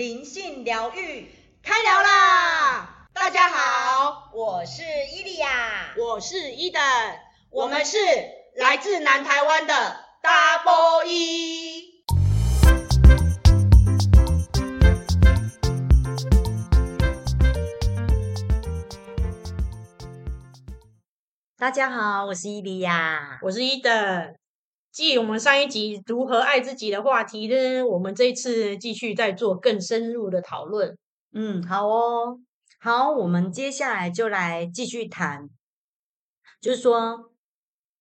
靈性聊遇開聊啦！大家好，我是伊利亞，我是伊登，我們是來自南台灣的 Double E。大家好，我是伊利亞，我是伊登。繼我們上一集如何愛自己的話題呢，我們這一次繼續再做更深入的討論。嗯，好哦，好，我們接下來就來繼續談，就是說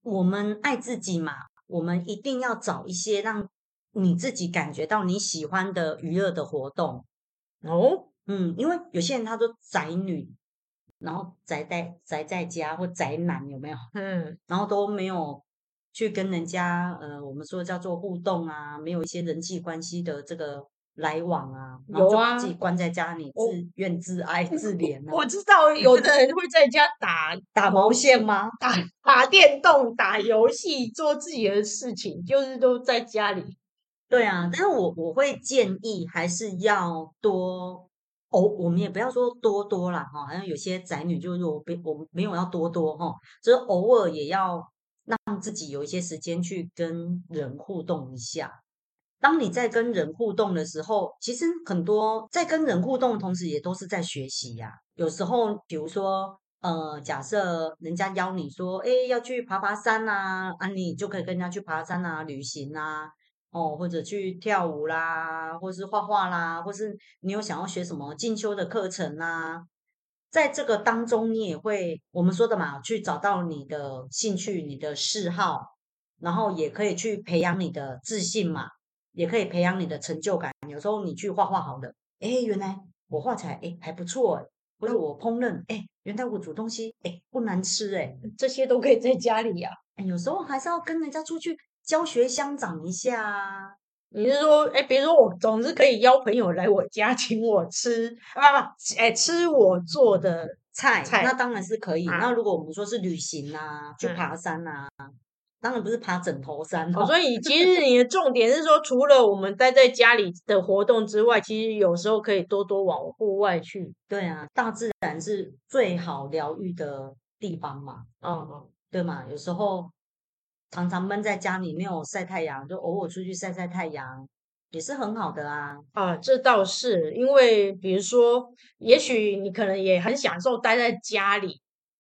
我們愛自己嘛，我們一定要找一些讓你自己感覺到你喜歡的娛樂的活動哦。嗯，因為有些人他都宅女，然後宅在宅在家或宅男有沒有？嗯，然後都沒有。去跟人家呃，我們說叫做互動啊，沒有一些人際關係的這個來往啊，有啊，然後自己關在家裡自，自、哦、怨自哀自、啊，自、嗯、憐。我知道有的人會在家打打毛線嗎？ 打打電動、打遊戲，做自己的事情，就是都在家裡。對啊，但是我我會建議還是要多偶、哦，我們也不要說多多啦。哈、哦，好像有些宅女就是我我沒有要多多哈、哦，就是偶爾也要。讓自己有一些時間去跟人互動一下。當你在跟人互動的時候，其實很多在跟人互動的同時，也都是在學習呀。有時候，比如說，呃，假設人家邀你說，哎，要去爬爬山吶，啊，你就可以跟人家去爬山吶、旅行吶，哦，或者去跳舞啦，或者是畫畫啦，或是你有想要學什麼進修的課程啦。在這個當中，你也會我們說的嘛，去找到你的興趣、你的嗜好，然後也可以去培養你的自信嘛，也可以培養你的成就感。有時候你去畫畫，好的，哎、欸，原來我畫起來，哎、欸，還不錯誒，不或者我烹飪，哎、欸，原來我煮東西，哎、欸，不難吃，哎，這些都可以在家裡呀、啊欸。有時候還是要跟人家出去教學相長一下。你是說，誒，比如說我總是可以邀朋友來我家請我吃，啊不，哎吃我做的菜，菜，那當然是可以、啊。那如果我們說是旅行啊，啊去爬山吶、啊，當然不是爬枕頭山、哦。所以其實你的重點是說， 除了我們待在家裡的活動之外，其實有時候可以多多往戶外去。對啊，大自然是最好療癒的地方嘛。嗯嗯，對嘛，有時候。常常悶在家裡沒有曬太陽，就偶爾出去曬曬太陽也是很好的啊。啊，這倒是，因為比如說，也許你可能也很享受待在家裡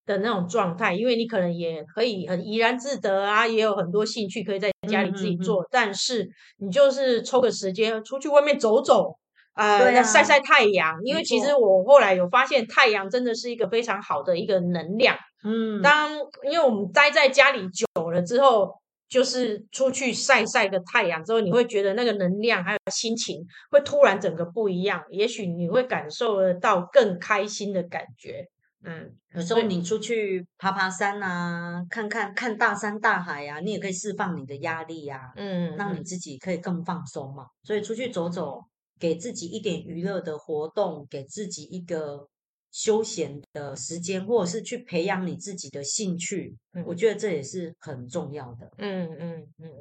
的那種狀態，因為你可能也可以很怡然自得啊，也有很多興趣可以在家裡自己做。嗯、哼哼，但是你就是抽個時間出去外面走走、呃、對啊，曬曬太陽，因為其實我後來有發現，太陽真的是一個非常好的一個能量。嗯，當因為我們待在家裡久了之後，就是出去曬曬個太陽之後，你會覺得那個能量還有心情會突然整個不一樣。也許你會感受得到更開心的感覺。嗯，有時候你出去爬爬山啊，看看看大山大海呀，啊，你也可以釋放你的壓力呀，啊。嗯，讓你自己可以更放鬆嘛、嗯。所以出去走走，給自己一點娛樂的活動，給自己一個休閒的時間，或者是去培養你自己的興趣，嗯、我覺得這也是很重要的。嗯嗯嗯，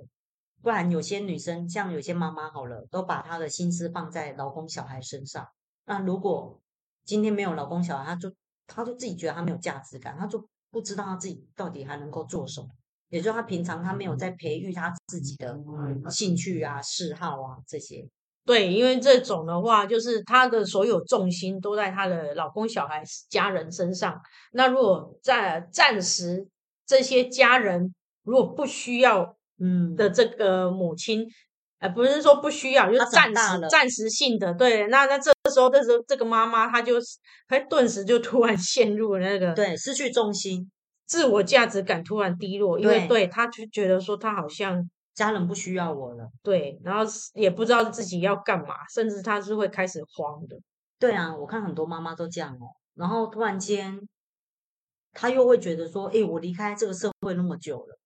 不然有些女生，像有些媽媽好了，都把她的心思放在老公、小孩身上。那如果今天沒有老公、小孩，她就她就自己覺得她沒有價值感，她就不知道她自己到底還能夠做什麼。也就是她平常她沒有在培育她自己的、嗯嗯嗯、興趣啊、嗜好啊、嗯嗯、這些。對，因為這種的話，就是她的所有重心都在她的老公、小孩、家人身上。那如果在暫時這些家人如果不需要，嗯的這個母親，而、嗯呃、不是說不需要，就暫時暫時性的對。那那這這時候，這時候這個媽媽她就，她頓時就突然陷入那個對失去重心、自我價值感突然低落，因為對，對她就覺得說她好像。家人不需要我了，對，然後也不知道自己要幹嘛，甚至他是會開始慌的。對啊，我看很多媽媽都這樣哦。然後突然間，他又會覺得說：“哎，我離開這個社會那麼久了，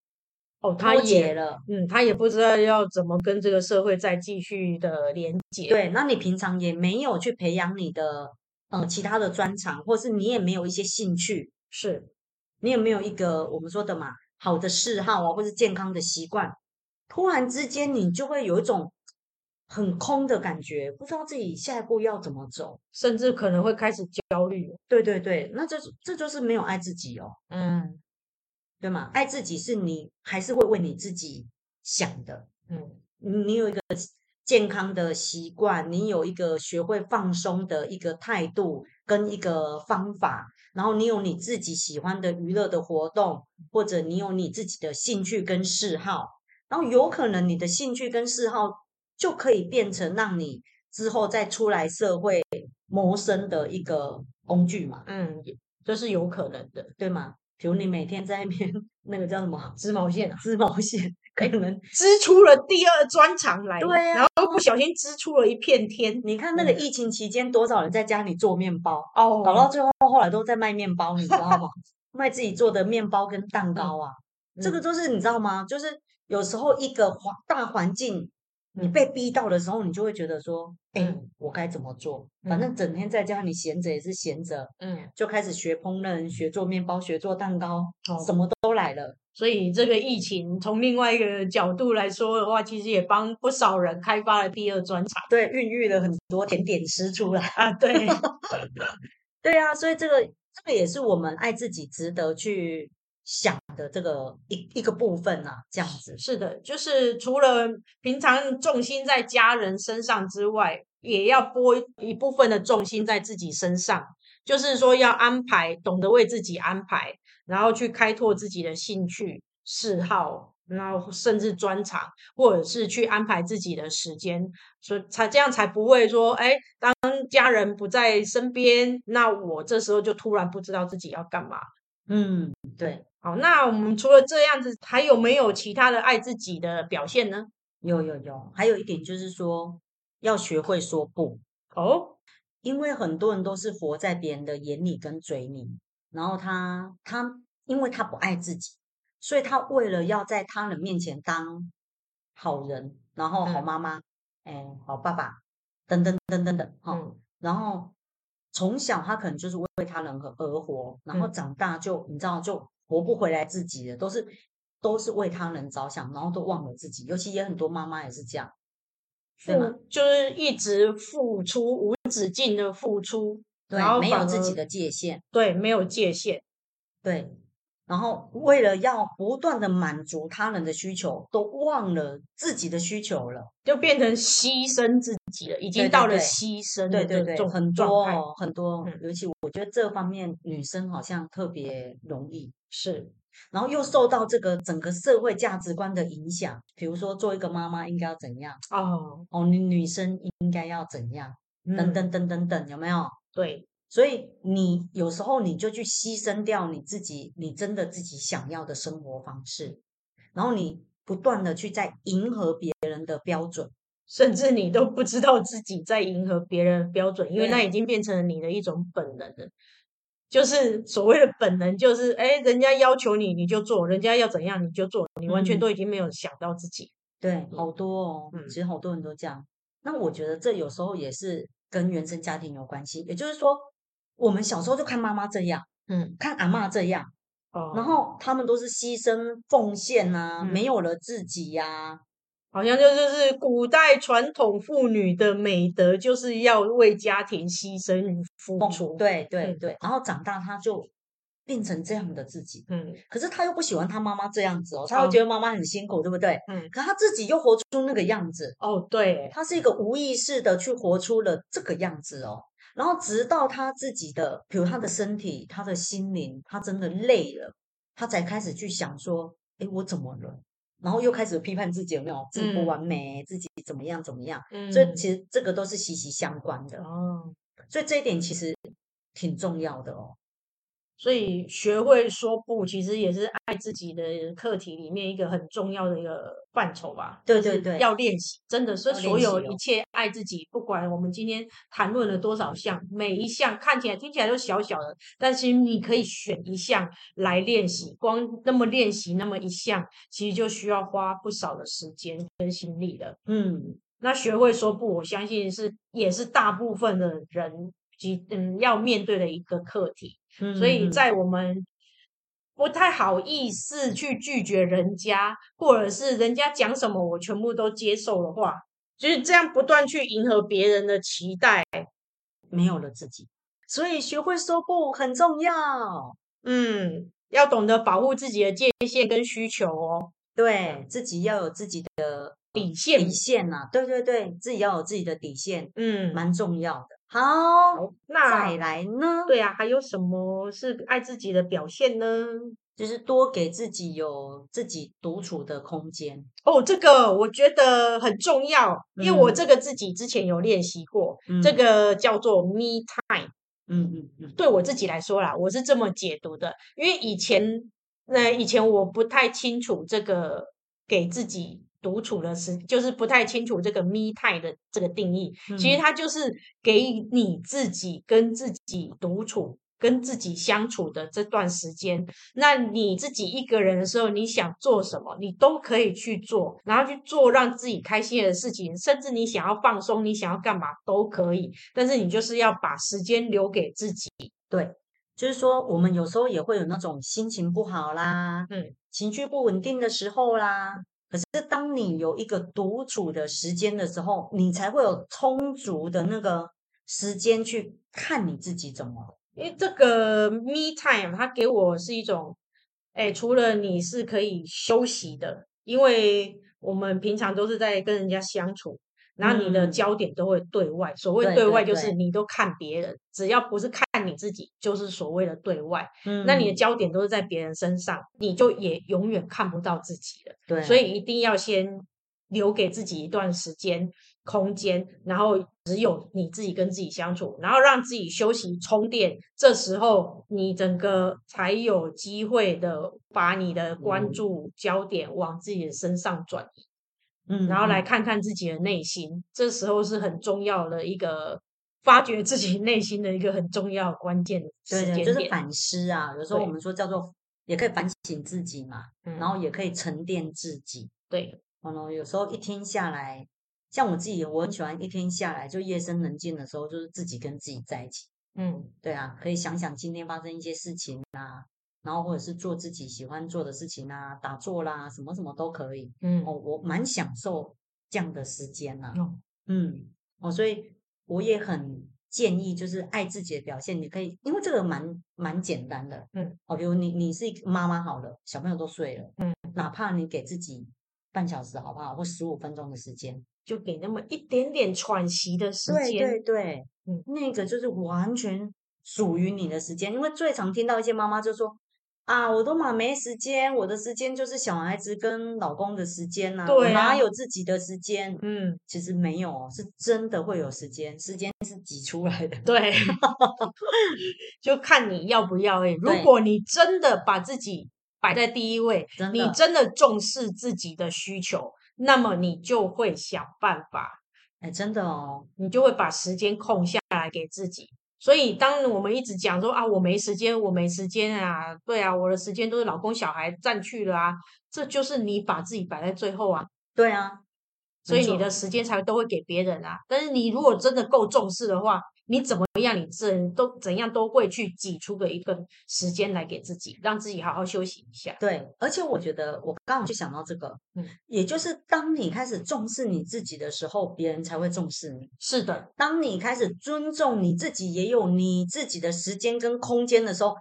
哦，脫節了。”嗯，他也不知道要怎麼跟這個社會再繼續的連接。對，那你平常也沒有去培養你的呃其他的專長，或是你也沒有一些興趣，是你有沒有一個我們說的嘛好的嗜好啊，或是健康的習慣？突然之間，你就會有一種很空的感覺，不知道自己下一步要怎麼走，甚至可能會開始焦慮。對對對，那這這就是沒有愛自己哦。嗯，對嗎？愛自己是你還是會為你自己想的。嗯，你有一個健康的習慣，你有一個學會放鬆的一個態度跟一個方法，然後你有你自己喜歡的娛樂的活動，或者你有你自己的興趣跟嗜好。然後有可能你的興趣跟嗜好就可以變成讓你之後再出來社會謀生的一個工具嘛？嗯，這、就是有可能的，對嗎？比如你每天在那邊那個叫什麼織毛線、啊，織毛線，可能織出了第二專長來，對、啊，然後又不小心織出了一片天。你看那個疫情期間，多少人在家裡做麵包哦、嗯，搞到最後後來都在賣麵包，你知道嗎？ 賣自己做的麵包跟蛋糕啊，嗯嗯、這個都是你知道嗎？就是。有時候一個環大環境，你被逼到的時候，你就會覺得說：“哎、嗯欸，我該怎麼做？”嗯、反正整天在家裡閒着也是閒着，嗯，就開始學烹飪、學做面包、學做蛋糕，哦、什麼都來了。所以這個疫情從另外一個角度來說的話，嗯、其實也幫不少人開發了第二專長，對，孕育了很多甜點師出來啊。對、 嗯嗯，對啊，所以這個這個也是我們愛自己，值得去。想的這個一一個部分啊，這樣子是的，就是除了平常重心在家人身上之外，也要撥一部分的重心在自己身上，就是說要安排，懂得為自己安排，然後去開拓自己的興趣嗜好，然後甚至專長，或者是去安排自己的時間，所以才這樣才不會說，哎，當家人不在身邊，那我這時候就突然不知道自己要幹嘛。嗯，對。好，那我們除了這樣子，還有沒有其他的愛自己的表現呢？有有有，還有一點就是說，要學會說不哦，哦？因為很多人都是活在別人的眼裡跟嘴裡，然後他他，因為他不愛自己，所以他為了要在他人面前當好人，然後好媽媽，嗯、哎，好爸爸，等等等等等哈、哦嗯。然後從小他可能就是為為他人而活，然後長大就、嗯、你知道就。活不回來自己的，都是都是為他人着想，然後都忘了自己。尤其也很多媽媽也是這樣，對嗎？就是一直付出無止境的付出，對。沒有自己的界限，對，沒有界限，對。然後為了要不斷的滿足他人的需求，都忘了自己的需求了，就變成犧牲自己了。已經到了犧牲了對對對對，對對對，很多很多，嗯。尤其我覺得這方面女生好像特別容易。是，然後又受到這個整個社會價值觀的影響，比如說做一個媽媽應該要怎樣，哦，哦，女，女生應該要怎樣、嗯、等等等等等，有沒有？對，所以你有時候你就去犧牲掉你自己，你真的自己想要的生活方式，然後你不斷的去在迎合別人的標準，甚至你都不知道自己在迎合別人的標準，因為那已經變成了你的一種本能了。就是所謂的本能，就是誒，人家要求你，你就做，人家要怎樣你就做，你完全都已經沒有想到自己。嗯、對，好多哦、嗯，其實好多人都這樣。那我覺得這有時候也是跟原生家庭有關係。也就是說，我們小時候就看媽媽這樣，嗯，看阿嬤這樣，哦，然後他們都是犧牲奉獻啊，嗯、沒有了自己呀、啊。好像就就是古代傳統婦女的美德，就是要為家庭犧牲付出。嗯、對對對，然後長大他就變成這樣的自己。嗯，可是他又不喜歡他媽媽這樣子哦，他又覺得媽媽很辛苦，對不對？嗯。可他自己又活出那個樣子哦，對、嗯，他是一個無意識的去活出了這個樣子哦。哦，然後直到他自己的，比如他的身體、他的心靈，他真的累了，他才開始去想說：“哎，我怎麼了？”然後又開始批判自己，有沒有，自己不完美，嗯，自己怎麼樣怎麼樣，嗯，所以其實這個都是息息相關的。哦，所以這一點其實挺重要的哦。所以學會說不，其實也是愛自己的課題裡面一個很重要的一個範疇吧。對對對，要練習，真的，所以所有一切愛自己，不管我們今天談論了多少項，每一項看起來聽起來都小小的，但是你可以選一項來練習。光那麼練習那麼一項，其實就需要花不少的時間跟心力了。嗯，那學會說不，我相信是也是大部分的人及嗯要面對的一個課題。所以在我們不太好意思去拒絕人家，或者是人家講什麼我全部都接受的話，就是這樣不斷去迎合別人的期待，沒有了自己。所以學會說不很重要。嗯，要懂得保護自己的界限跟需求哦。對，自己要有自己的底線，底線吶、啊。對對對，自己要有自己的底線，嗯，蠻重要的。好，那再來呢？對啊，還有什麼是愛自己的表現呢？就是多給自己有自己獨處的空間哦。Oh, 這個我覺得很重要，嗯，因為我這個自己之前有練習過，嗯，這個叫做 me time。嗯嗯嗯，對我自己來說啦，我是這麼解讀的，因為以前，那以前我不太清楚這個給自己。獨處的時，就是不太清楚這個咪 e 的這個定義。嗯、其實它就是給你自己跟自己獨處、跟自己相處的這段時間。那你自己一個人的時候，你想做什麼，你都可以去做，然後去做讓自己開心的事情，甚至你想要放鬆，你想要幹嘛都可以。但是你就是要把時間留給自己。對，就是說我們有時候也會有那種心情不好啦，嗯，情緒不穩定的時候啦。可是，當你有一個獨處的時間的時候，你才會有充足的那個時間去看你自己怎麼。因為這個 me time，它給我是一種，哎，除了你是可以休息的，因為我們平常都是在跟人家相處。那你的焦點都會對外，嗯，所謂對外就是你都看別人對對對，只要不是看你自己，就是所謂的對外，嗯。那你的焦點都是在別人身上，你就也永遠看不到自己了。對，所以一定要先留給自己一段時間、空間，然後只有你自己跟自己相處，然後讓自己休息、充電。這時候你整個才有機會的把你的關注焦點往自己的身上轉移。嗯嗯，然後來看看自己的內心，嗯、這時候是很重要的一個發掘自己內心的一個很重要關鍵的時間。對，就是反思啊。有時候我們說叫做，也可以反省自己嘛，然後也可以沉澱自己。對、嗯，哦，有時候一天下來，像我自己，我很喜歡一天下來就夜深人靜的時候，就是自己跟自己在一起。嗯，對啊，可以想想今天發生一些事情啊。然後或者是做自己喜歡做的事情啊，打坐啦，什麼什麼都可以。嗯，哦，我蠻享受這樣的時間啦。啊哦。嗯，哦，所以我也很建議，就是愛自己的表現，你可以，因為這個蠻蠻簡單的。嗯，哦，比如你你是媽媽好了，小朋友都睡了，嗯，哪怕你給自己半小時好不好，或十五分鐘的時間，就給那麼一點點喘息的時間，對對對，嗯，那個就是完全屬於你的時間，因為最常聽到一些媽媽就說。啊，我都嘛沒時間，我的時間就是小孩子跟老公的時間吶、啊，哪、啊、有自己的時間？嗯，其實沒有，是真的會有時間，時間是擠出來的。對， 就看你要不要誒、欸。如果你真的把自己擺在第一位，你真的重視自己的需求，那麼你就會想辦法。哎、欸，真的哦，你就會把時間空下來給自己。所以，當我們一直講說啊，我沒時間，我沒時間啊，對啊，我的時間都是老公、小孩佔去了啊，這就是你把自己擺在最後啊，對啊，所以你的時間才都會給別人啊。但是你如果真的夠重視的話，你怎麼樣？你怎都怎樣都會去擠出個一個時間來給自己，讓自己好好休息一下。對，而且我覺得我剛好就想到這個，嗯，也就是當你開始重視你自己的時候，別人才會重視你。是的，當你開始尊重你自己，也有你自己的時間跟空間的時候，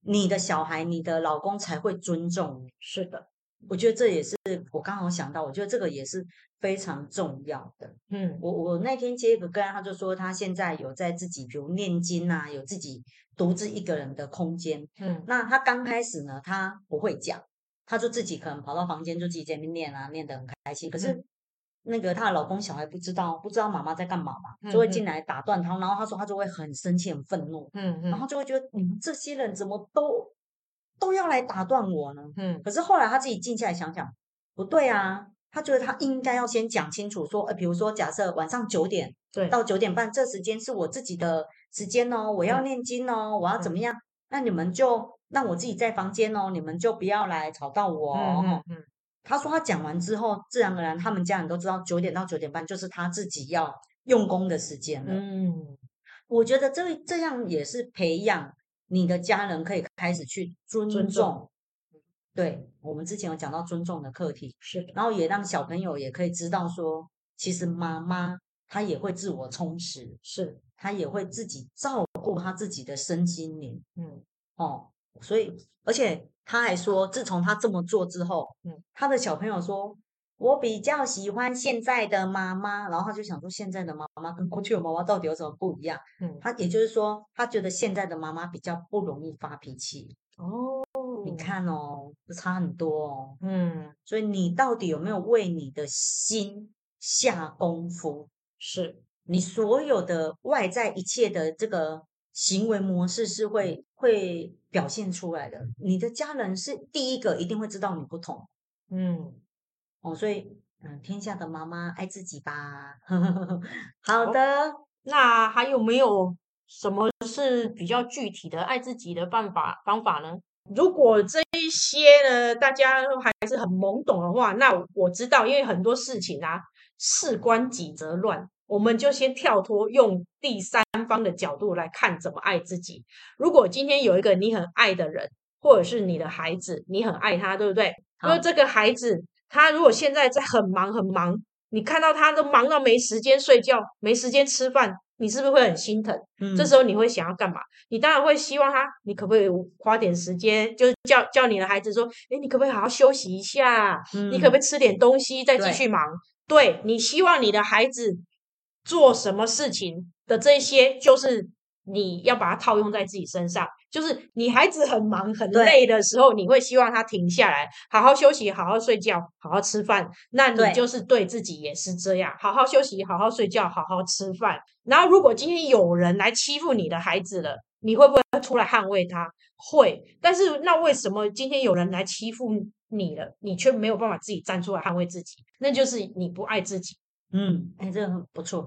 你的小孩、你的老公才會尊重你。是的。我覺得這也是我剛好想到，我覺得這個也是非常重要的。嗯，我我那天接一個跟，他就說他現在有在自己比如念經啊，有自己獨自一個人的空間。嗯，那他剛開始呢，他不會講，他就自己可能跑到房間，就自己在那邊念啊，念得很開心、嗯。可是那個他的老公小孩不知道，不知道媽媽在幹嘛嘛，就會進來打斷他、嗯嗯，然後他說他就會很生氣、很憤怒。嗯嗯，然後就會覺得你們這些人怎麼都。都要來打斷我呢。嗯，可是後來他自己靜下來想想，不對啊，他覺得他應該要先講清楚說，呃，比如說假設晚上九點，對，到九點半這時間是我自己的時間哦，我要念經哦，嗯，我要怎麼樣？嗯，那你們就那我自己在房間哦，你們就不要來吵到我哦。嗯嗯，嗯。他說他講完之後，自然而然他們家人都知道九點到九點半就是他自己要用功的時間了。嗯，我覺得這這樣也是培養。你的家人可以開始去尊重，尊重，對，我們之前有講到尊重的課題，是，然後也讓小朋友也可以知道說，其實媽媽她也會自我充實，是，她也會自己照顧她自己的身心靈，嗯，哦，所以，而且他還說，自從他這麼做之後，嗯，他的小朋友說，我比較喜歡現在的媽媽，然後他就想說現在的媽媽跟過去的媽媽到底有什麼不一樣？嗯，他也就是說，他覺得現在的媽媽比較不容易發脾氣。哦，你看哦，就差很多哦。嗯，所以你到底有沒有為你的心下功夫？是你所有的外在一切的這個行為模式是會，嗯，會表現出來的。嗯。你的家人是第一個一定會知道你不同。嗯。哦，所以，嗯，天下的媽媽愛自己吧。 好的，好，那還有沒有什麼是比較具體的愛自己的辦法方法呢？如果這一些呢，大家還是很懵懂的話，那我知道，因為很多事情啊，事關己則亂。我們就先跳脫，用第三方的角度來看怎麼愛自己。如果今天有一個你很愛的人，或者是你的孩子，你很愛他，對不對？那這個孩子。他如果現在在很忙很忙，你看到他都忙到沒時間睡覺，沒時間吃飯，你是不是會很心疼？嗯，這時候你會想要幹嘛？你當然會希望他，你可不可以花點時間，就是叫叫你的孩子說，誒，你可不可以好好休息一下？嗯，你可不可以吃點東西再繼續忙？對，對你希望你的孩子做什麼事情的這些，就是。你要把它套用在自己身上，就是你孩子很忙很累的時候，你會希望他停下來，好好休息，好好睡覺，好好吃飯。那你就是對自己也是這樣，好好休息，好好睡覺，好好吃飯。然後，如果今天有人來欺負你的孩子了，你會不會出來捍衛他？會。但是，那為什麼今天有人來欺負你了，你卻沒有辦法自己站出來捍衛自己？那就是你不愛自己。嗯，哎，嗯，這個很不錯。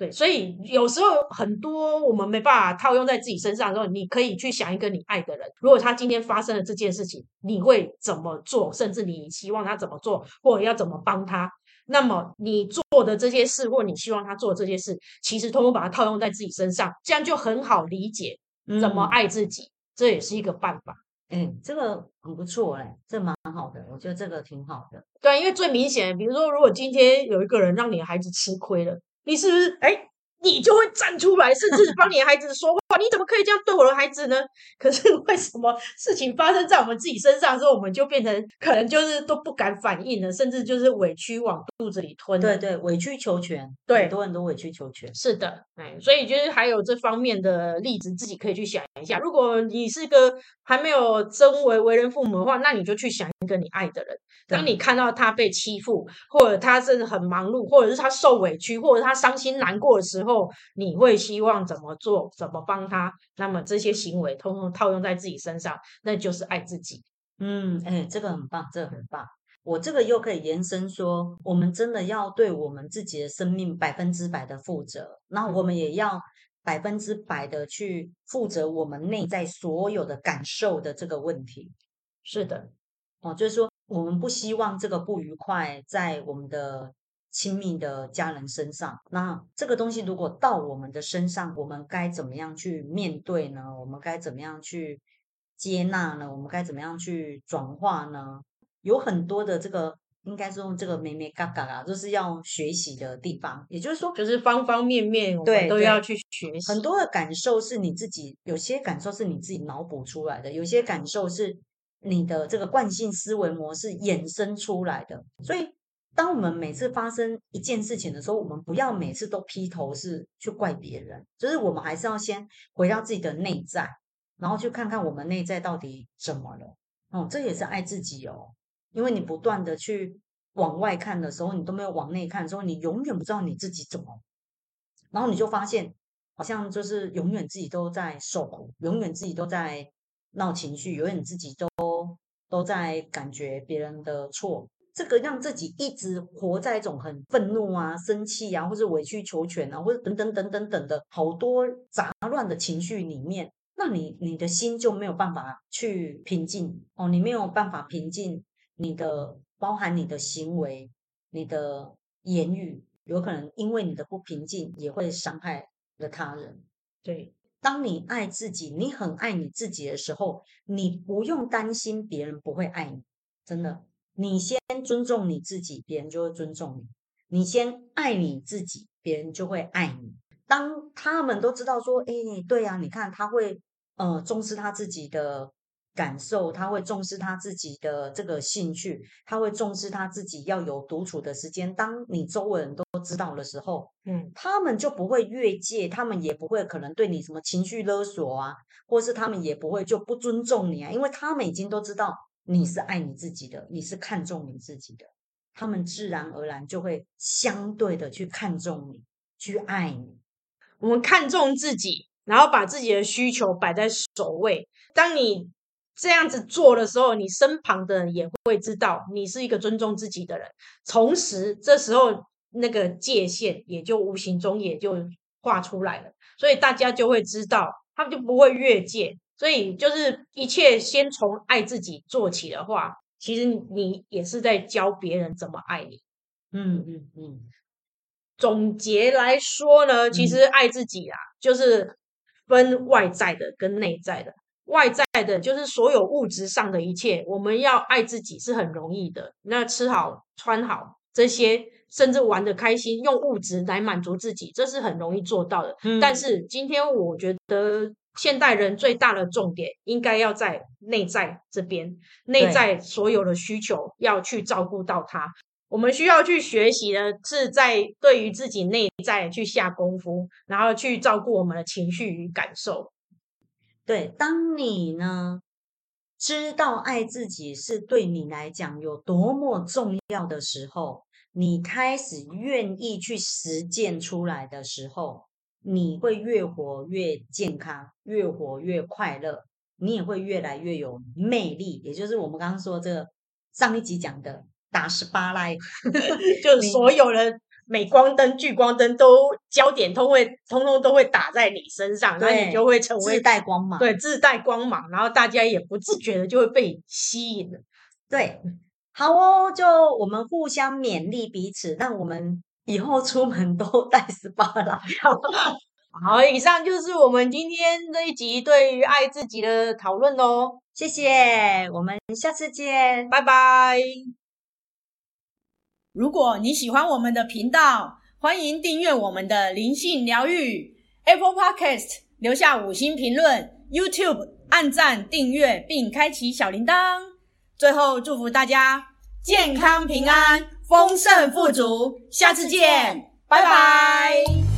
對，所以有時候很多我們沒辦法套用在自己身上的時候，你可以去想一個你愛的人，如果他今天發生了這件事情，你會怎麼做？甚至你希望他怎麼做，或者要怎麼幫他？那麼你做的這些事，或你希望他做的這些事，其實通過把它套用在自己身上，這樣就很好理解怎麼愛自己。嗯、這也是一個辦法。嗯，這個很不錯嘞、欸，這蠻好的，我覺得這個挺好的。對，因為最明顯，比如說如果今天有一個人讓你的孩子吃虧了。你是不是哎，你就會站出來，甚至幫你孩子說話。 你怎麼可以這樣對我的孩子呢？可是為什麼事情發生在我們自己身上之後，我們就變成可能就是都不敢反應了，甚至就是委屈往肚子裡吞？對對，委曲求全，對，很多很多委曲求全。是的，哎、嗯，所以就是還有這方面的例子，自己可以去想一下。如果你是個還沒有真為為人父母的話，那你就去想一個你愛的人，當你看到他被欺負，或者他真的很忙碌，或者是他受委屈，或者他傷心難過的時候，你會希望怎麼做？怎麼幫？他，那麼這些行為，通通套用在自己身上，那就是愛自己。嗯，哎、欸，這個很棒，這個很棒。我這個又可以延伸說，我們真的要對我們自己的生命百分之百的負責，那我們也要百分之百的去負責我們內在所有的感受的這個問題。是的，哦，就是說，我們不希望這個不愉快在我們的。親密的家人身上，那這個東西如果到我們的身上，我們該怎麼樣去面對呢？我們該怎麼樣去接納呢？我們該怎麼樣去轉化呢？有很多的這個，應該是用這個“眉眉角角”啊，就是要學習的地方。也就是說，就是方方面面我們對，對都要去學習。很多的感受是你自己，有些感受是你自己腦補出來的，有些感受是你的這個慣性思維模式衍生出來的，所以。當我們每次發生一件事情的時候，我們不要每次都劈頭是去怪別人，就是我們還是要先回到自己的內在，然後去看看我們內在到底怎麼了。哦、嗯，這也是愛自己哦，因為你不斷的去往外看的時候，你都沒有往內看的時候，你永遠不知道你自己怎麼，然後你就發現好像就是永遠自己都在受苦，永遠自己都在鬧情緒，永遠自己都都在感覺別人的錯。這個讓自己一直活在一種很憤怒啊、生氣啊，或者委曲求全啊，或者等等等等等的好多雜亂的情緒裡面，那你你的心就沒有辦法去平靜哦，你沒有辦法平靜你的，包含你的行為、你的言語，有可能因為你的不平靜也會傷害了他人。對，當你愛自己，你很愛你自己的時候，你不用擔心別人不會愛你，真的。你先尊重你自己，別人就會尊重你；你先愛你自己，別人就會愛你。當他們都知道說：“哎，對呀，你看他會呃重視他自己的感受，他會重視他自己的這個興趣，他會重視他自己要有獨處的時間。”當你周圍人都知道的時候，嗯，他們就不會越界，他們也不會可能對你什麼情緒勒索啊，或是他們也不會就不尊重你啊，因為他們已經都知道。你是愛你自己的，你是看重你自己的，他們自然而然就會相對的去看重你，去愛你。我們看重自己，然後把自己的需求擺在首位。當你這樣子做的時候，你身旁的人也會知道你是一個尊重自己的人。同時，這時候那個界限也就無形中也就畫出來了，所以大家就會知道，他們就不會越界。所以，就是一切先從愛自己做起的話，其實你也是在教別人怎麼愛你。嗯嗯嗯。總結來說呢，其實愛自己啊，嗯、就是分外在的跟內在的。外在的，就是所有物質上的一切，我們要愛自己是很容易的。那吃好、穿好這些，甚至玩得開心，用物質來滿足自己，這是很容易做到的。嗯、但是今天我覺得。現代人最大的重點應該要在內在這邊，內在所有的需求要去照顧到他。我們需要去學習的是在對於自己內在去下功夫，然後去照顧我們的情緒與感受。對，當你呢知道愛自己是對你來講有多麼重要的時候，你開始願意去實踐出來的時候。你會越活越健康，越活越快樂，你也會越來越有魅力。也就是我們剛剛說這個上一集講的打十八來， 你 就是所有的鎂光燈、聚光燈都焦點都會通通都會打在你身上，然後你就會成為自帶光芒，對自帶光芒，然後大家也不自覺的就會被吸引。對，好哦，就我們互相勉勵彼此，讓我們。以後出門都帶十八郎藥。好，以上就是我們今天這一集對於愛自己的討論哦。謝謝，我們下次見，拜拜。如果你喜歡我們的頻道，歡迎訂閱我們的靈性療癒 Apple Podcast，留下五星評論，YouTube 按讚訂閱並開啟小鈴鐺。最後，祝福大家健康平安。豐盛富足，下次見，拜拜。拜拜。